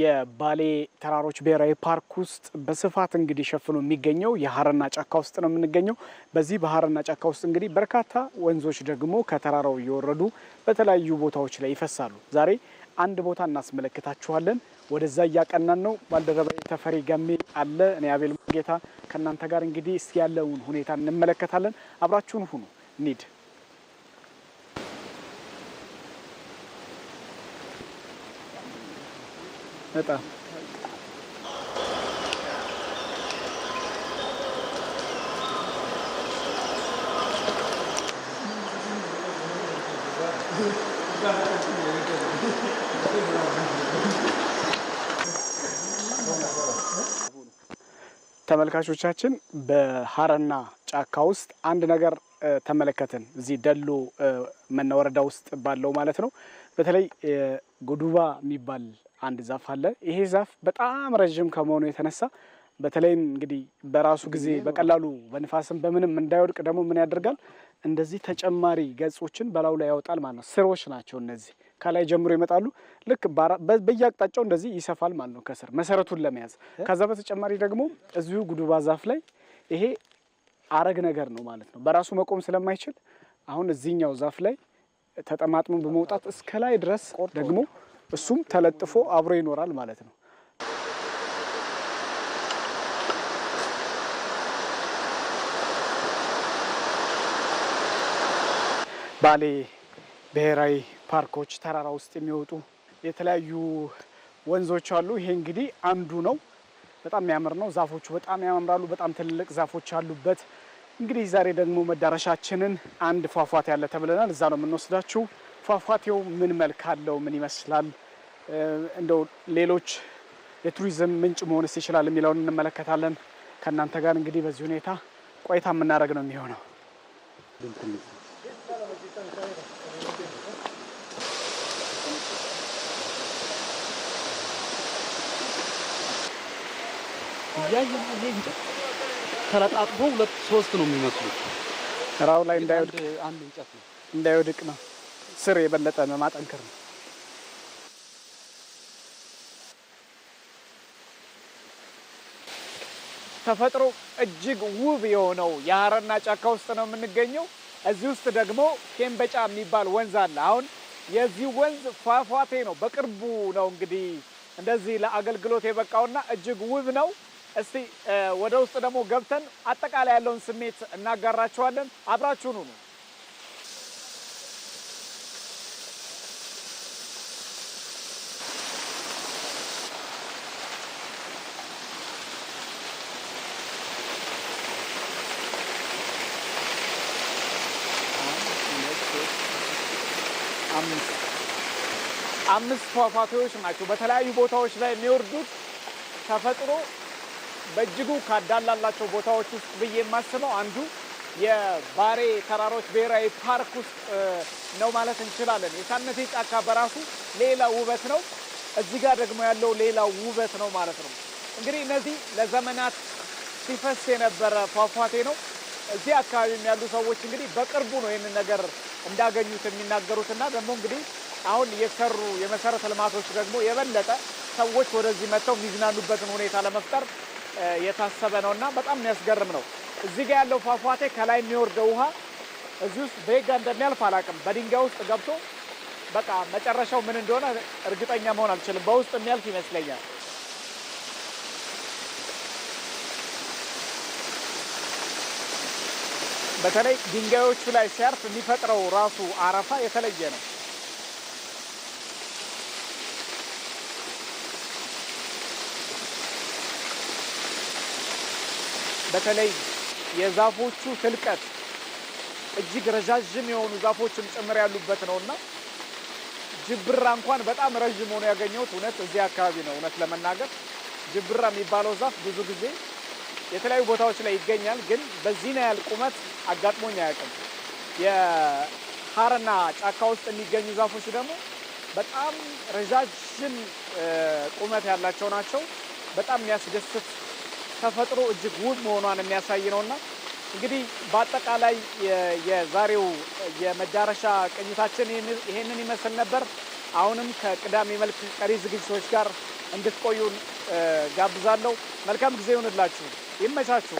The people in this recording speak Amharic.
የባሌ ተራሮች ብሔራዊ ፓርክ ውስጥ በስፋት እንግዲህ ሸፍኖ የሚገኘው የሀረና ጫካ ውስጥ ነው የምንገኘው። በዚህ በሀረና ጫካ ውስጥ እንግዲህ በርካታ ወንዞች ደግሞ ከተራራው እየወረዱ በተለያዩ ቦታዎች ላይ ይፈሳሉ። ዛሬ አንድ ቦታ እናስመለክታችኋለን። ወደዛ እያቀናን ነው። ባልደረባ ተፈሪ ገሜ አለ። እኔ አቤል ጌታ ከእናንተ ጋር እንግዲህ እስኪ ያለውን ሁኔታ እንመለከታለን። አብራችሁን ሁኑ። ኒድ በጣም ተመልካቾቻችን በሀረና ጫካ ውስጥ አንድ ነገር ተመለከትን። እዚህ ደሎ መናወረዳ ውስጥ ባለው ማለት ነው። በተለይ ጉዱባ የሚባል አንድ ዛፍ አለ። ይሄ ዛፍ በጣም ረዥም ከመሆኑ የተነሳ በተለይም እንግዲህ በራሱ ጊዜ በቀላሉ በንፋስም በምንም እንዳይወድቅ ደግሞ ምን ያደርጋል? እንደዚህ ተጨማሪ ገጾችን በላዩ ላይ ያወጣል ማለት ነው። ስሮች ናቸው እነዚህ ከላይ ጀምሮ ይመጣሉ። ልክ በየአቅጣጫው እንደዚህ ይሰፋል ማለት ነው፣ ከስር መሰረቱን ለመያዝ። ከዛ በተጨማሪ ደግሞ እዚሁ ጉዱባ ዛፍ ላይ ይሄ አረግ ነገር ነው ማለት ነው። በራሱ መቆም ስለማይችል አሁን እዚህኛው ዛፍ ላይ ተጠማጥሞ በመውጣት እስከ ላይ ድረስ ደግሞ እሱም ተለጥፎ አብሮ ይኖራል ማለት ነው። ባሌ ብሔራዊ ፓርኮች ተራራ ውስጥ የሚወጡ የተለያዩ ወንዞች አሉ። ይሄ እንግዲህ አንዱ ነው። በጣም የሚያምር ነው። ዛፎቹ በጣም ያምራሉ። በጣም ትልልቅ ዛፎች አሉበት። እንግዲህ ዛሬ ደግሞ መዳረሻችንን አንድ ፏፏቴ ያለ ተብለናል። እዛ ነው የምንወስዳችሁ። ፏፏቴው ምን መልክ አለው? ምን ይመስላል? እንደው ሌሎች የቱሪዝም ምንጭ መሆንስ ይችላል የሚለውን እንመለከታለን። ከእናንተ ጋር እንግዲህ በዚህ ሁኔታ ቆይታ የምናደርግ ነው የሚሆነው። ተለጣጥፎ ሁለት ሶስት ነው የሚመስሉት። ራው ላይ እንዳይወድቅ ነው ስር የበለጠ ማጠንከር ነው። ተፈጥሮ እጅግ ውብ የሆነው የአረና ጫካ ውስጥ ነው የምንገኘው። እዚህ ውስጥ ደግሞ ኬምበጫ የሚባል ወንዝ አለ። አሁን የዚህ ወንዝ ፏፏቴ ነው በቅርቡ ነው እንግዲህ እንደዚህ ለአገልግሎት የበቃውና እጅግ ውብ ነው። እስቲ ወደ ውስጥ ደግሞ ገብተን አጠቃላይ ያለውን ስሜት እናጋራችኋለን። አብራችሁኑ ነው አምስት ፏፏቴዎች ናቸው በተለያዩ ቦታዎች ላይ የሚወርዱት። ተፈጥሮ በእጅጉ ካዳላላቸው ቦታዎች ውስጥ ብዬ የማስበው አንዱ የባሬ ተራሮች ብሔራዊ ፓርክ ውስጥ ነው ማለት እንችላለን። የሳነቴ ጫካ በራሱ ሌላ ውበት ነው። እዚህ ጋር ደግሞ ያለው ሌላ ውበት ነው ማለት ነው። እንግዲህ እነዚህ ለዘመናት ሲፈስ የነበረ ፏፏቴ ነው። እዚህ አካባቢም ያሉ ሰዎች እንግዲህ በቅርቡ ነው ይህንን ነገር እንዳገኙት የሚናገሩትና ደግሞ እንግዲህ አሁን የሰሩ የመሰረተ ልማቶች ደግሞ የበለጠ ሰዎች ወደዚህ መጥተው የሚዝናኑበትን ሁኔታ ለመፍጠር የታሰበ ነው እና በጣም የሚያስገርም ነው። እዚህ ጋ ያለው ፏፏቴ ከላይ የሚወርደው ውሃ እዚህ ውስጥ በጋ እንደሚያልፍ አላውቅም። በድንጋይ ውስጥ ገብቶ በቃ መጨረሻው ምን እንደሆነ እርግጠኛ መሆን አልችልም። በውስጥ የሚያልፍ ይመስለኛል። በተለይ ድንጋዮቹ ላይ ሲያርፍ የሚፈጥረው ራሱ አረፋ የተለየ ነው። በተለይ የዛፎቹ ትልቀት እጅግ ረዣዥም የሆኑ ዛፎችም ጭምር ያሉበት ነውና ጅብራ እንኳን በጣም ረዥም ሆኖ ያገኘሁት እውነት እዚህ አካባቢ ነው። እውነት ለመናገር ጅብራ የሚባለው ዛፍ ብዙ ጊዜ የተለያዩ ቦታዎች ላይ ይገኛል። ግን በዚህን ያህል ቁመት አጋጥሞኝ አያውቅም። የሀርና ጫካ ውስጥ የሚገኙ ዛፎች ደግሞ በጣም ረዣዥም ቁመት ያላቸው ናቸው። በጣም የሚያስደስት ተፈጥሮ እጅግ ውብ መሆኗን የሚያሳይ ነው እና እንግዲህ በአጠቃላይ የዛሬው የመዳረሻ ቅኝታችን ይሄንን ይመስል ነበር። አሁንም ከቅዳሜ መልክ ቀሪ ዝግጅቶች ጋር እንድትቆዩን ጋብዛለሁ። መልካም ጊዜ ይሁንላችሁ። 也没啥说。